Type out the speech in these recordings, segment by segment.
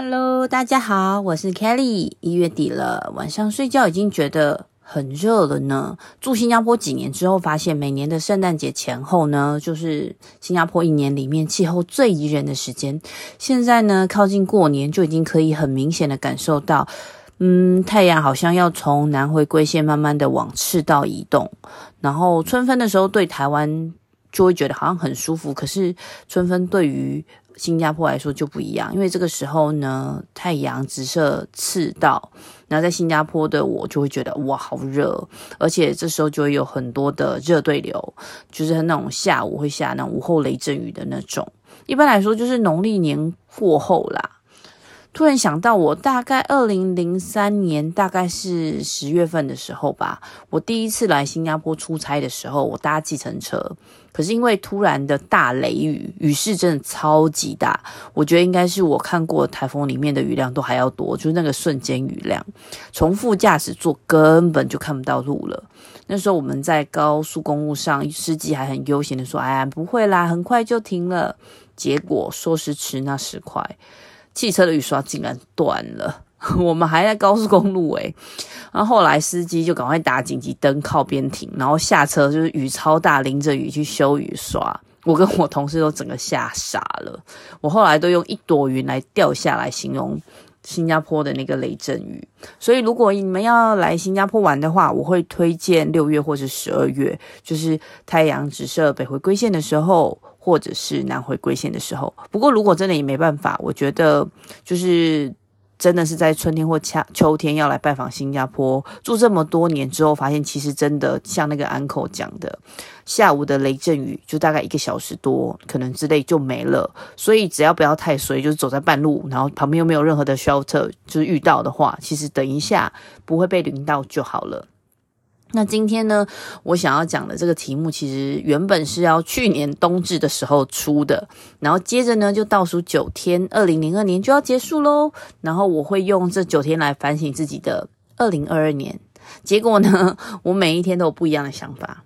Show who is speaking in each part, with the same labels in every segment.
Speaker 1: Hello，大家好，我是 Kelly。一月底了，晚上睡覺已經覺得很熱了呢。住新加坡幾年之後，發現每年的聖誕節前後呢，就是新加坡一年裡面氣候最宜人的時間。現在呢，靠近過年就已經可以很明顯的感受到，嗯，太陽好像要從南回歸線慢慢的往赤道移動。然後春分的時候，對台灣就會覺得好像很舒服，可是春分對於新加坡來說就不一樣，因為這個時候呢，太陽直射赤道，然後在新加坡的我就會覺得哇，好熱，而且這時候就會有很多的熱對流，就是那種下午會下那種午後雷陣雨的那種。一般來說就是農曆年過後啦。突然想到我大概二零零三年大概是十月份的時候吧，我第一次來新加坡出差的時候，我搭計程車。可是因為突然的大雷雨，雨勢真的超級大，我覺得應該是我看過颱風裡面的雨量都還要多，就是那個瞬間雨量，從副駕駛座根本就看不到路了。那時候我們在高速公路上，司機還很悠閒的說：“哎呀，不會啦，很快就停了。”結果說時遲，那時快，汽車的雨刷竟然斷了，我們還在高速公路誒、欸然後後來司機就趕快打緊急燈靠邊停，然後下車就是雨超大，淋着雨去修雨刷。我跟我同事都整個嚇傻了。我後來都用一朵雲來掉下來形容新加坡的那個雷陣雨。所以如果你們要來新加坡玩的話，我會推薦六月或是十二月，就是太陽直射北回歸線的時候，或者是南回歸線的時候。不過如果真的也沒辦法，我覺得就是。真的是在春天或秋秋天，要來拜訪新加坡，住這麼多年之後，發現其實真的像那個 Uncle 講的，下午的雷陣雨就大概一個小時多，可能之類就沒了。所以只要不要太衰，就是走在半路，然後旁邊又沒有任何的 shelter，就是遇到的話，其實等一下不會被淋到就好了。那今天呢，我想要講的這個題目，其實原本是要去年冬至的時候出的，然後接着呢就倒數九天，二零零二年就要結束嘍。然後我會用這九天來反省自己的二零二二年。結果呢，我每一天都有不一樣的想法，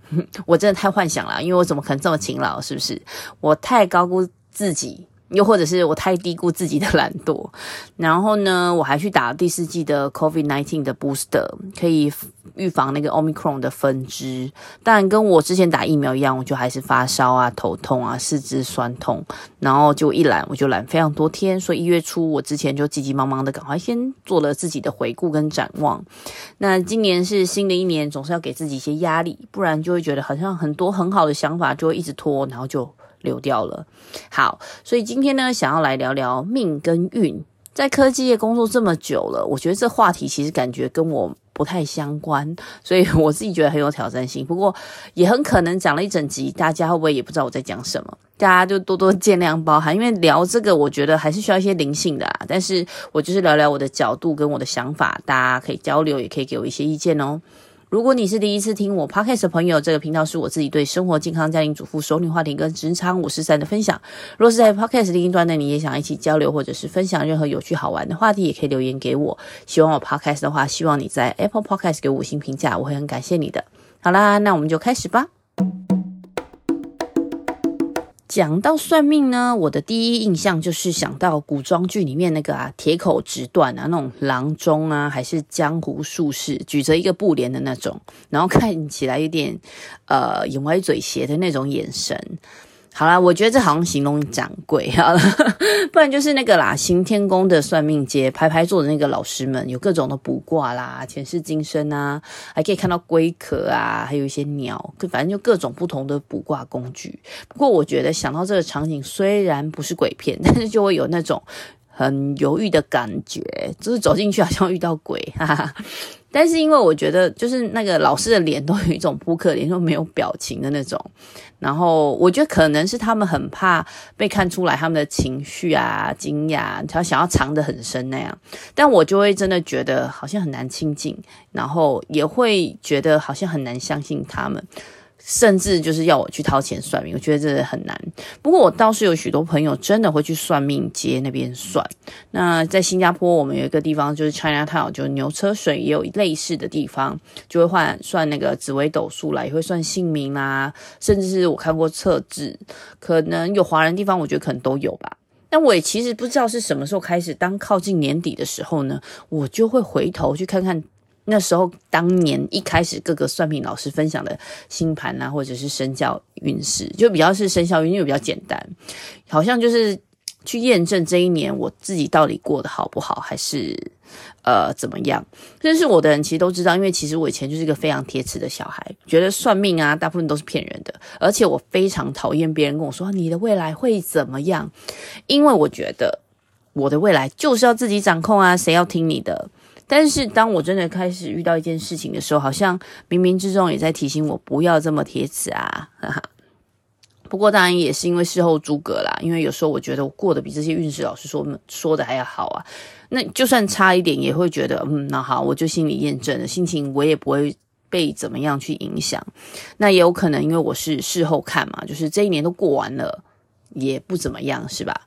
Speaker 1: 我真的太幻想了，因為我怎麼可能這麼勤勞？是不是？我太高估自己。又或者是我太低估自己的懶惰，然後呢，我還去了打第四劑的 COVID-19 的 booster，可以預防那個 Omicron 的分支。但跟我之前打疫苗一樣，我就還是發燒啊、頭痛啊、四肢酸痛，然後就一懶，我就懶非常多天。所以一月初我之前就急急忙忙的趕快先做了自己的回顧跟展望。那今年是新的一年，總是要給自己一些壓力，不然就會覺得好像很多很好的想法就會一直拖，然後就。流掉了，好，所以今天呢，想要來聊聊命跟運。在科技業工作這麼久了，我覺得這話題其實感覺跟我不太相關，所以我自己覺得很有挑戰性。不過也很可能講了一整集，大家會不會也不知道我在講什麼？大家就多多見諒、包涵。因為聊這個，我覺得還是需要一些靈性的啊。但是我就是聊聊我的角度跟我的想法，大家可以交流，也可以給我一些意見哦。如果你是第一次聽我 podcast 的朋友，這個頻道是我自己對生活、健康、家庭主婦、熟女話題跟職場五十三的分享。若是在 podcast 的另一端，你也想一起交流或者是分享任何有趣好玩的話題，也可以留言給我。喜歡我 podcast 的話，希望你在 Apple Podcast 給我五星評價，我會很感謝你的。好啦，那我們就開始吧。講到算命呢，我的第一印象就是想到古裝劇裡面那個啊，鐵口直斷啊，那種郎中啊，還是江湖術士，舉着一個布簾的那種，然後看起來有點，呃，眼歪嘴斜的那種眼神。好啦，我覺得這好像形容掌櫃啊， 不然就是那個啦，行天宮的算命街，排排坐的那個老師們，有各種的卜卦啦，前世今生啊，還可以看到龜殼啊，還有一些鳥，反正就各種不同的卜卦工具。不過我覺得想到這個場景，雖然不是鬼片，但是就會有那種很猶豫的感覺，就是走進去好像遇到鬼。哈哈。但是因為我覺得，就是那個老師的臉都有一種撲克臉，都沒有表情的那種。然後我覺得可能是他們很怕被看出來他們的情緒啊、驚訝，他想要藏得很深那樣。但我就會真的覺得好像很難親近，然後也會覺得好像很難相信他們。甚至就是要我去掏錢算命，我覺得這很難。不過我倒是有許多朋友真的會去算命街那邊算。那在新加坡，我們有一個地方就是 Chinatown，就牛車水也有類似的地方，就會換算那個紫微斗數啦，也會算姓名啦、啊，甚至是我看過測字，可能有華人地方，我覺得可能都有吧。但我也其實不知道是什麼時候開始，當靠近年底的時候呢，我就會回頭去看看。那時候，當年一開始各個算命老師分享的星盤啊，或者是生肖運勢，就比較是生肖運，因為比較簡單，好像就是去驗證這一年我自己到底過得好不好，還是呃怎麼樣。認識我的人其實都知道，因為其實我以前就是一個非常鐵齒的小孩，覺得算命啊，大部分都是騙人的，而且我非常討厭別人跟我說，啊，你的未來會怎麼樣，因為我覺得我的未來就是要自己掌控啊，誰要聽你的？但是，當我真的開始遇到一件事情的時候，好像冥冥之中也在提醒我不要這麼鐵齒啊。 不過，當然也是因為事後諸葛啦。因為有時候我覺得我過得比這些運勢老師說說的還要好啊。那就算差一點，也會覺得嗯，那好，我就心理驗證了，心情我也不會被怎麼樣去影響。那也有可能，因為我是事後看嘛，就是這一年都過完了，也不怎麼樣，是吧？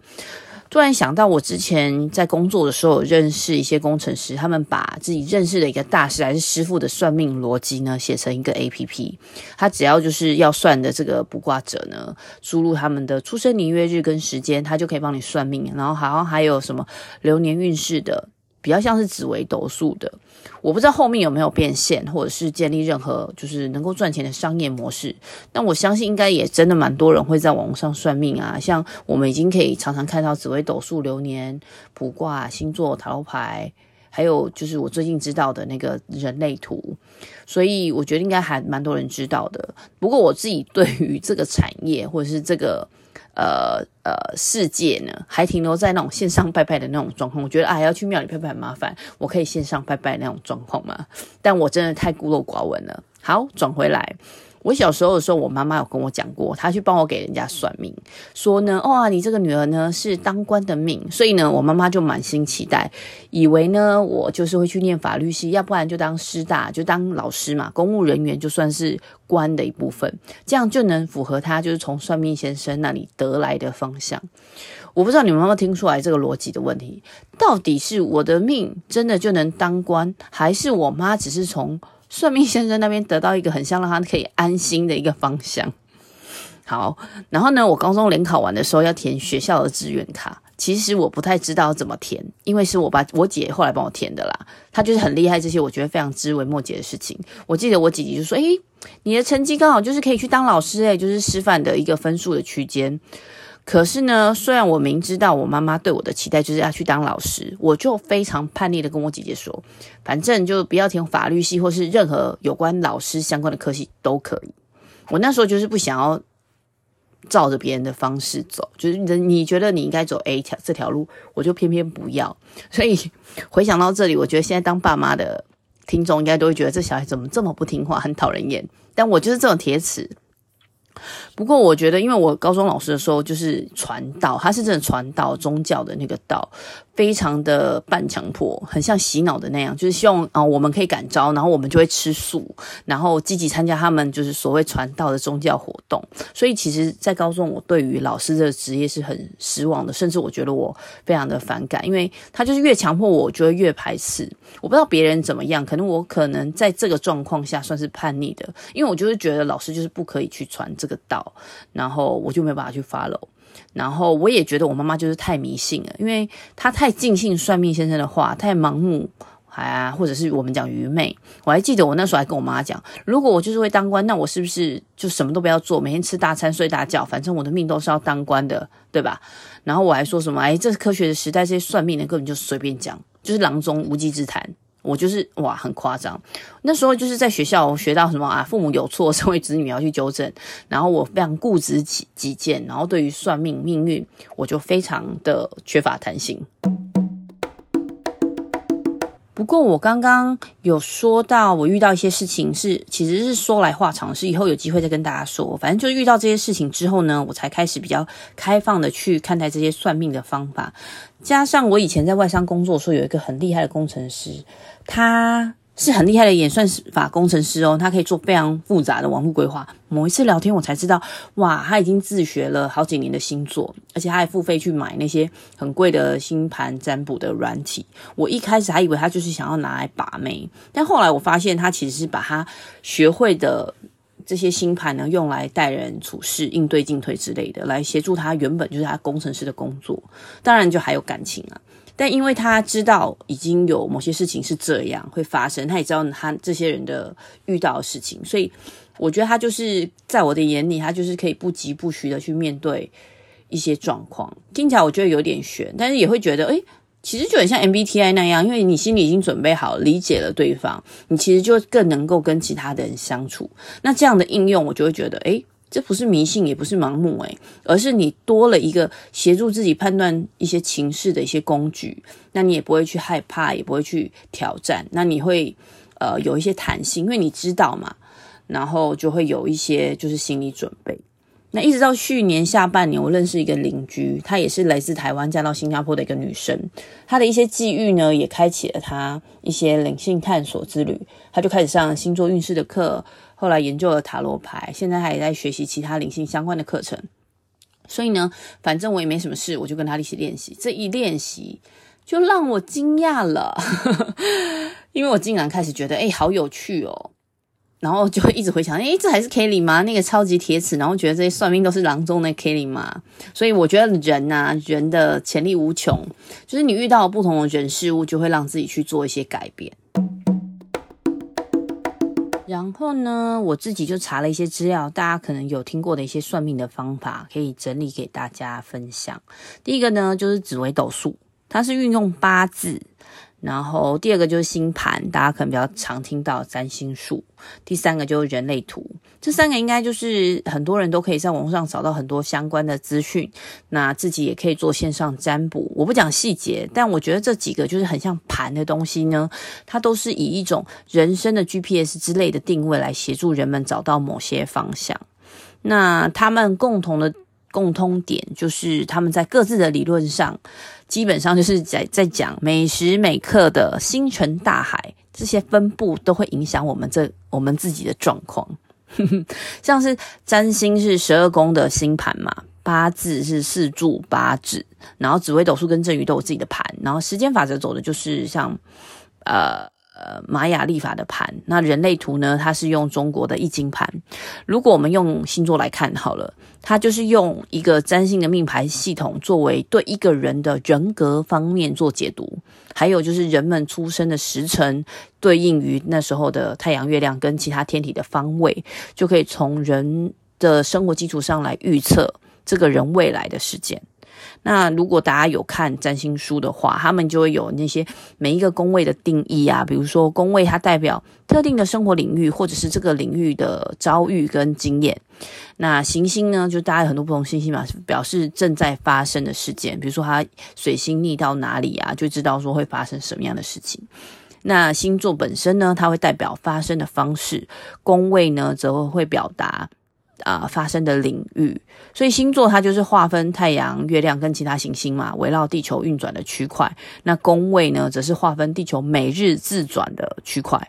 Speaker 1: 突然想到，我之前在工作的時候有認識一些工程師，他們把自己認識的一個大師還是師傅的算命邏輯呢，寫成一個 APP。他只要就是要算的這個卜卦者呢，輸入他們的出生年月日跟時間，他就可以幫你算命。然後好像還有什麼流年運勢的。比較像是紫微斗數的，我不知道後面有沒有變現，或者是建立任何就是能夠賺錢的商業模式。但我相信應該也真的蠻多人會在網上算命啊，像我們已經可以常常看到紫微斗數、流年、卜卦、星座、塔羅牌，還有就是我最近知道的那個人類圖，所以我覺得應該還蠻多人知道的。不過我自己對於這個產業或者是這個。呃呃，世界呢還停留在那種線上拜拜的那種狀況，我覺得啊，還要去廟裡拜拜很麻煩，我可以線上拜拜的那種狀況嘛。但我真的太孤陋寡聞了。好，轉回來。我小時候的時候，我媽媽有跟我講過，她去幫我給人家算命，說呢，哇、哦啊，你這個女兒呢是當官的命，所以呢，我媽媽就滿心期待，以為呢，我就是會去念法律系，要不然就當師大，就當老師嘛，公務人員就算是官的一部分，這樣就能符合她就是從算命先生那裡得來的方向。我不知道你們能不能聽出來這個邏輯的問題，到底是我的命真的就能當官，還是我媽只是從算命先生那邊得到一個很像讓他可以安心的一個方向。好，然後呢，我高中聯考完的時候要填學校的志願卡，其實我不太知道怎麼填，因為是我爸我姐後來幫我填的啦。她就是很厲害，這些我覺得非常枝微末節的事情。我記得我姐姐就說：“哎，你的成績剛好就是可以去當老師、欸，哎，就是師範的一個分數的區間。”可是呢，雖然我明知道我媽媽對我的期待就是要去當老師，我就非常叛逆的跟我姐姐說，反正就不要填法律系或是任何有關老師相關的科系都可以。我那時候就是不想要照着別人的方式走，就是你覺得你應該走 A 條這條路，我就偏偏不要。所以回想到這裡，我覺得現在當爸媽的聽眾應該都會覺得這小孩怎麼這麼不聽話，很討人厭。但我就是這種鐵齒。不過我覺得，因為我高中老師的時候就是傳道，他是真的傳道宗教的那個道，非常的半強迫，很像洗腦的那樣，就是希望啊，哦，我們可以感召，然後我們就會吃素，然後積極參加他們就是所謂傳道的宗教活動。所以其實，在高中我對於老師的職業是很失望的，甚至我覺得我非常的反感，因為他就是越強迫我，我就會越排斥。我不知道別人怎麼樣，可能我可能在這個狀況下算是叛逆的，因為我就是覺得老師就是不可以去傳這個道。然後我就沒有辦法去 follow，然後我也覺得我媽媽就是太迷信了，因為她太盡信算命先生的話，太盲目，啊、哎，或者是我們講愚昧。我還記得我那時候還跟我媽媽講，如果我就是會當官，那我是不是就什麼都不要做，每天吃大餐、睡大覺，反正我的命都是要當官的，對吧？然後我還說什麼，哎，這是科學的時代，這些算命的根本就隨便講，就是郎中無稽之談。我就是哇，很誇張。那時候就是在學校學到什麼啊，父母有錯，身為子女要去糾正。然後我非常固執己己見，然後對於算命命運，我就非常的缺乏彈性。不過我剛剛有說到，我遇到一些事情是，其實是說來話長，是以後有機會再跟大家說。反正就是遇到這些事情之後呢，我才開始比較開放的去看待這些算命的方法。加上我以前在外商工作的時候，有一個很厲害的工程師，他。是很厲害的演算法工程師哦，他可以做非常複雜的網路規劃。某一次聊天我才知道，哇，他已經自學了好幾年的星座，而且他還付費去買那些很貴的星盤占卜的軟體。我一開始還以為他就是想要拿來把妹，但後來我發現他其實是把他學會的這些星盤呢，用來待人處事、應對進退之類的，來協助他原本就是他工程師的工作。當然，就還有感情啊。但因為他知道已經有某些事情是這樣會發生，他也知道他這些人的遇到的事情，所以我覺得他就是在我的眼裡，他就是可以不疾不徐的去面對一些狀況。聽起來我覺得有點玄，但是也會覺得哎，其實就很像 MBTI 那樣，因為你心裡已經準備好理解了對方，你其實就更能夠跟其他的人相處。那這樣的應用，我就會覺得哎。誒這不是迷信，也不是盲目，誒，而是你多了一個協助自己判斷一些情勢的一些工具，那你也不會去害怕，也不會去挑戰，那你會呃有一些彈性，因為你知道嘛，然後就會有一些就是心理準備。那一直到去年下半年，我認識一個鄰居，她也是來自台灣嫁到新加坡的一個女生，她的一些際遇呢，也開啟了她一些靈性探索之旅，她就開始上了星座運勢的課。後來研究了塔羅牌，現在他也在學習其他靈性相關的課程。所以呢，反正我也沒什麼事，我就跟他一起練習。這一練習就讓我驚訝了， 因為我竟然開始覺得，哎、欸，好有趣哦！然後就會一直回想，哎、欸，這還是 Kelly 嗎？那個超級鐵齒，然後覺得這些算命都是郎中的 Kelly 嗎？所以我覺得人吶、啊，人的潛力無窮，就是你遇到不同的人事物，就會讓自己去做一些改變。然後呢，我自己就查了一些資料，大家可能有聽過的一些算命的方法，可以整理給大家分享。第一個呢，就是紫微斗數，它是運用八字。然後第二個就是星盤，大家可能比較常聽到占星術。第三個就是人類圖，這三個應該就是很多人都可以在網上找到很多相關的資訊，那自己也可以做線上占卜。我不講細節，但我覺得這幾個就是很像盤的東西呢，它都是以一種人生的 GPS 之類的定位來協助人們找到某些方向。那他們共同的共通點就是他們在各自的理論上。基本上就是在在講每時每刻的星辰大海，這些分布都會影響我們，這我們自己的狀況。 像是占星是十二宮的星盤嘛，八字是四柱八字，然後紫微斗數跟正餘都有自己的盤，然後時間法則走的就是像呃。呃，瑪雅曆法的盤，那人類圖呢？它是用中國的易經盤。如果我們用星座來看好了，它就是用一個占星的命盤系統，作為對一個人的人格方面做解讀。還有就是人們出生的時辰，對應於那時候的太陽、月亮跟其他天體的方位，就可以從人的生活基礎上來預測這個人未來的事件。那如果大家有看占星書的話，他們就會有那些每一個宮位的定義啊，比如說宮位它代表特定的生活領域，或者是這個領域的遭遇跟經驗。那行星呢，就大家有很多不同信息嘛，表示正在發生的事件，比如說它水星逆到哪裡啊，就知道說會發生什麼樣的事情。那星座本身呢，它會代表發生的方式，宮位呢則會表達。啊、呃，發生的領域，所以星座它就是劃分太陽、月亮跟其他行星嘛，圍繞地球運轉的區塊。那宮位呢，則是劃分地球每日自轉的區塊。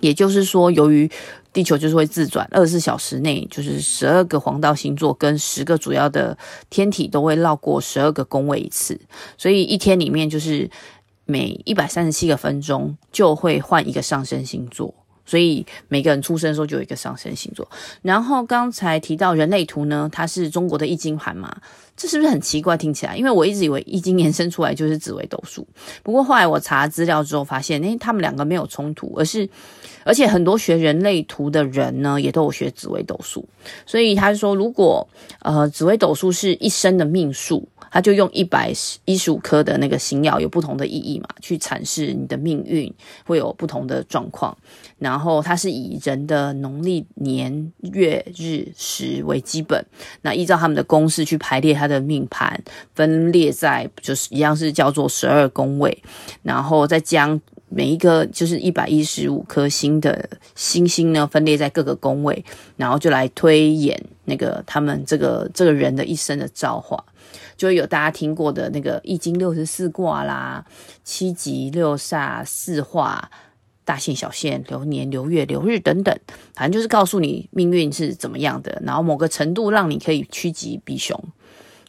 Speaker 1: 也就是說，由於地球就是會自轉，二十四小時內就是十二個黃道星座跟十個主要的天體都會繞過十二個宮位一次，所以一天裡面就是每一百三十七個分鐘就會換一個上升星座。所以每個人出生的時候就有一個上升星座。然後剛才提到人類圖呢，它是中國的易經盤嘛。這是不是很奇怪？聽起來，因為我一直以為易經延伸出來就是紫微斗數。不過後來我查資料之後發現，哎，他們兩個沒有衝突，而是而且很多學人類圖的人呢，也都有學紫微斗數。所以他說，如果呃，紫微斗數是一生的命數，他就用一百一十五顆的那個星曜有不同的意義嘛，去闡釋你的命運會有不同的狀況。然後他是以人的農曆年月日時為基本，那依照他們的公式去排列。他的命盤分列在，就是一樣是叫做十二宮位，然後再將每一個就是一百一十五顆星的星星呢，分列在各個宮位，然後就來推演那個他們這個這個人的一生的造化，就有大家聽過的那個《易經》六十四卦啦、七吉六煞四化、大限小限、流年、流月、流日等等，反正就是告訴你命運是怎麼樣的，然後某個程度讓你可以趨吉避凶。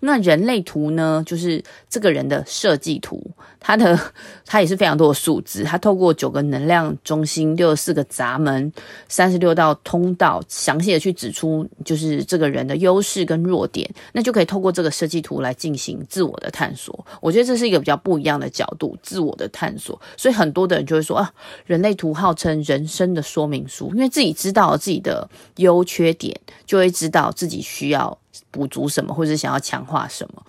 Speaker 1: 那人類圖呢，就是這個人的設計圖，它的，它也是非常多的數字，它透過九個能量中心、六十四個閘門、三十六道通道，詳細的去指出就是這個人的優勢跟弱點，那就可以透過這個設計圖來進行自我的探索。我覺得這是一個比較不一樣的角度，自我的探索。所以很多的人就會說啊，人類圖號稱人生的說明書，因為自己知道自己的優缺點，就會知道自己需要。補足什麼，或者是想要強化什麼，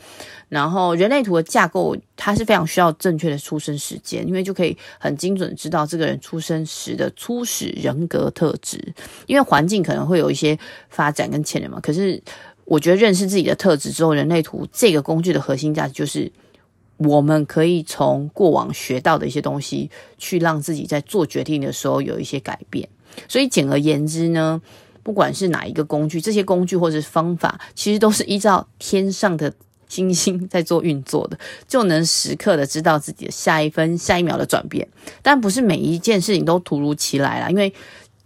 Speaker 1: 然後人類圖的架構，它是非常需要正確的出生時間，因為就可以很精準知道這個人出生時的初始人格特質。因為環境可能會有一些發展跟潛能嘛。可是我覺得認識自己的特質之後，人類圖這個工具的核心價值就是我們可以從過往學到的一些東西，去讓自己在做決定的時候有一些改變。所以簡而言之呢。不管是哪一個工具，這些工具或者是方法，其實都是依照天上的星星在做運作的，就能時刻的知道自己的下一分、下一秒的轉變。但不是每一件事情都突如其來了，因為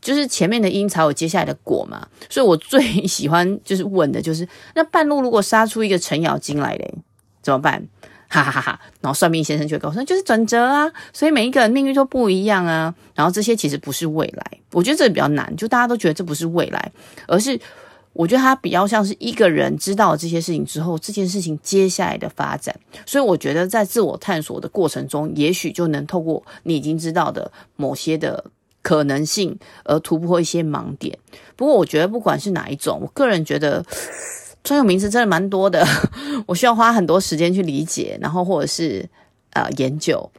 Speaker 1: 就是前面的因才有接下來的果嘛。所以我最喜歡就是問的，就是那半路如果殺出一個程咬金來嘞，怎麼辦？哈哈哈！哈，然後算命先生就跟我說，那就是轉折啊，所以每一個人命運都不一樣啊，然後這些其實不是未來，我覺得這比較難，就大家都覺得這不是未來，而是我覺得他比較像是一個人知道了這些事情之後，這件事情接下來的發展。所以我覺得在自我探索的過程中，也許就能透過你已經知道的某些的可能性，而突破一些盲點。不過我覺得不管是哪一種，我個人覺得。專有名詞真的蠻多的，我需要花很多時間去理解，然後或者是，呃，研究。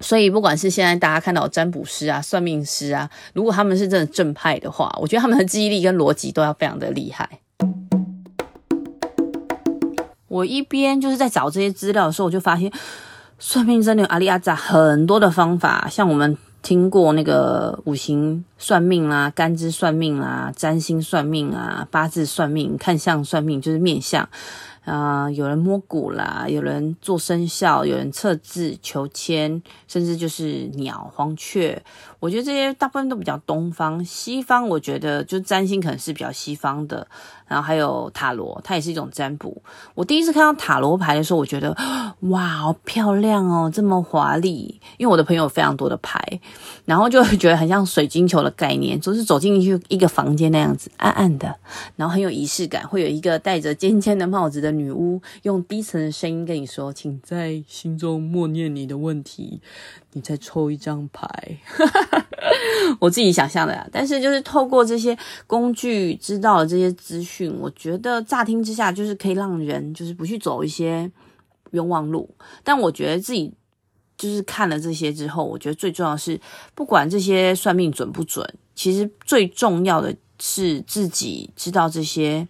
Speaker 1: 所以不管是現在大家看到占卜師啊、算命師啊，如果他們是真的正派的話，我覺得他們的記憶力跟邏輯都要非常的厲害。我一邊就是在找這些資料的時候，我就發現算命真的有阿里阿扎很多的方法，像我們。聽過那個五行算命啦，啊，干支算命啦，啊，占星算命啊，八字算命，看相算命，就是面相，啊、呃，有人摸骨啦，有人做生肖，有人測字求籤，甚至就是鳥黃雀。我覺得這些大部分都比較東方、西方。我覺得就占星可能是比較西方的，然後還有塔羅，它也是一種占卜。我第一次看到塔羅牌的時候，我覺得哇，好漂亮哦，這麼華麗。因為我的朋友有非常多的牌，然後就會覺得很像水晶球的概念，就是走進去一個房間那樣子，暗暗的，然後很有儀式感，會有一個戴着尖尖的帽子的女巫，用低沉的聲音跟你說：“請在心中默念你的問題。”你再抽一張牌。 我自己想象的啊。但是就是透過這些工具知道的這些資訊，我覺得乍聽之下就是可以讓人就是不去走一些冤枉路。但我覺得自己就是看了這些之後，我覺得最重要的是不管這些算命準不準，其實最重要的是自己知道這些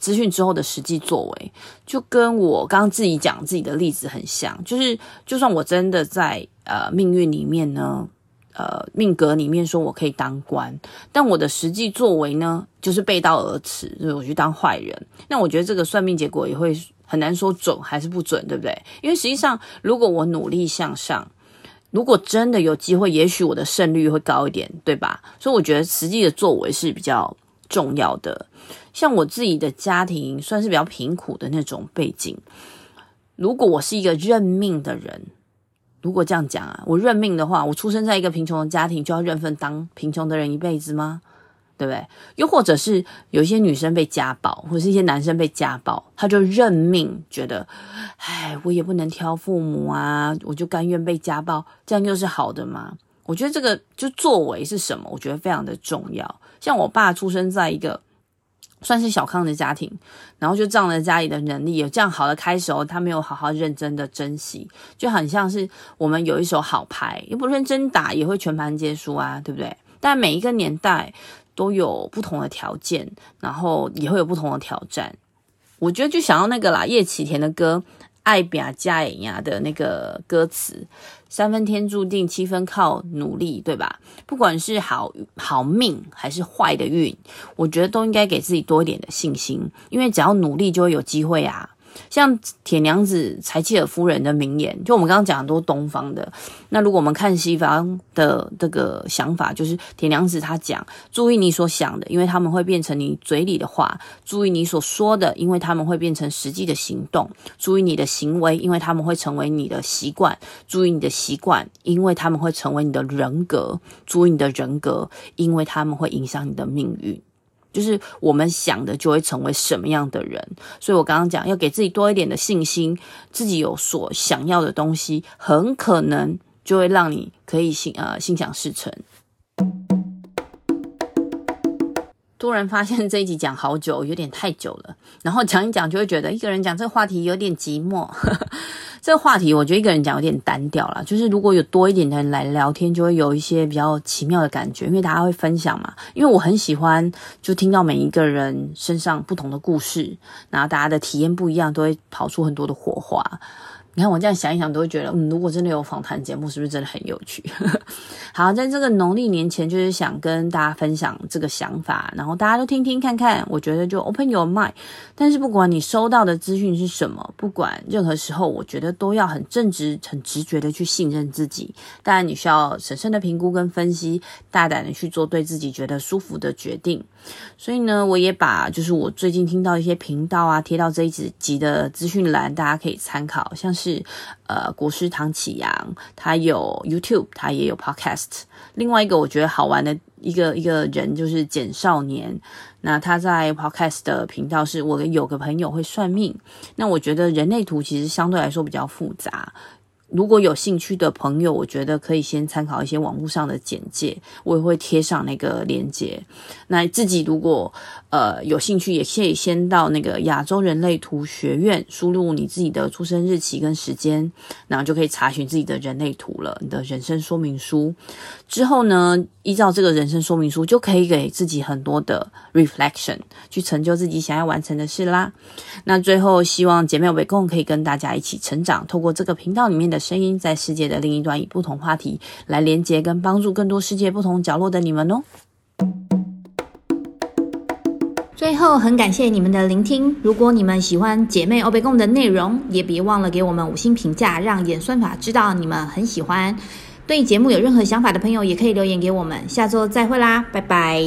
Speaker 1: 資訊之後的實際作為。就跟我剛剛自己講自己的例子很像，就是就算我真的在。呃，命運裡面呢，呃，命格裡面說我可以當官，但我的實際作為呢，就是背道而馳，就是，是我去當壞人。那我覺得這個算命結果也會很難說準還是不準，對不對？因為實際上，如果我努力向上，如果真的有機會，也許我的勝率會高一點，對吧？所以我覺得實際的作為是比較重要的。像我自己的家庭，算是比較貧苦的那種背景，如果我是一個認命的人。如果這樣講啊，我認命的話，我出生在一個貧窮的家庭，就要認份當貧窮的人一輩子嗎？對不對？又或者是有一些女生被家暴，或者是一些男生被家暴，他就認命，覺得，唉，我也不能挑父母啊，我就甘願被家暴，這樣就是好的嗎？我覺得這個就作為是什麼？我覺得非常的重要。像我爸出生在一個。算是小康的家庭，然後就仗著家裡的能力，有這樣好的開始，他沒有好好認真的珍惜，就很像是我們有一手好牌，又不認真打，也會全盤皆輸啊，對不對？但每一個年代都有不同的條件，然後也會有不同的挑戰。我覺得就想要那個啦，葉啟田的歌。愛拚才會贏的那個歌詞，三分天注定，七分靠努力，對吧？不管是好好命還是壞的運，我覺得都應該給自己多一點的信心，因為只要努力就會有機會啊。像鐵娘子柴契爾夫人的名言，就我們剛剛講的都是東方的。那如果我們看西方的這個想法，就是鐵娘子她講：注意你所想的，因為他們會變成你嘴裡的話；注意你所說的，因為他們會變成實際的行動；注意你的行為，因為他們會成為你的習慣；注意你的習慣，因為他們會成為你的人格；注意你的人格，因為他們會影響你的命運。就是我們想的就會成為什麼樣的人，所以我剛剛講要給自己多一點的信心，自己有所想要的東西，很可能就會讓你可以心，呃，心想事成。突然發現這一集講好久，有點太久了。然後講一講，就會覺得一個人講這個話題有點寂寞。 這個話題我覺得一個人講有點單調啦。就是如果有多一點的人來聊天，就會有一些比較奇妙的感覺，因為大家會分享嘛。因為我很喜歡就聽到每一個人身上不同的故事，然後大家的體驗不一樣，都會跑出很多的火花。你看我這樣想一想，都會覺得嗯，如果真的有訪談節目，是不是真的很有趣？ 好，在這個農曆年前，就是想跟大家分享這個想法，然後大家都聽聽看看，我覺得就 open your mind。但是不管你收到的資訊是什麼，不管任何時候，我覺得都要很正直、很直覺的去信任自己。當然，你需要審慎的評估跟分析，大膽的去做對自己覺得舒服的決定。所以呢，我也把就是我最近聽到一些頻道啊，貼到這一集集的資訊欄，大家可以參考，像是。是呃，國師唐啟陽，他有 YouTube，他也有 Podcast。另外一個我覺得好玩的一個一個人就是簡少年，那他在 Podcast 的頻道是我有個朋友會算命，那我覺得人類圖其實相對來說比較複雜。如果有興趣的朋友，我覺得可以先參考一些網絡上的簡介，我也會貼上那個鏈接。那自己如果呃有興趣，也可以先到那個亞洲人類圖學院，輸入你自己的出生日期跟時間，然後就可以查詢自己的人類圖了，你的人生說明書。之後呢，依照這個人生說明書，就可以給自己很多的 reflection，去成就自己想要完成的事啦。那最後，希望姐妹北共可以跟大家一起成長，透過這個頻道裡面的。聲音在世界的另一端，以不同話題來連接跟幫助更多世界不同角落的你們哦。最後，很感謝你們的聆聽。如果你們喜歡姐妹 OBGYN 的內容，也別忘了給我們五星評價，讓演算法知道你們很喜歡。對節目有任何想法的朋友，也可以留言給我們。下周再會啦，拜拜。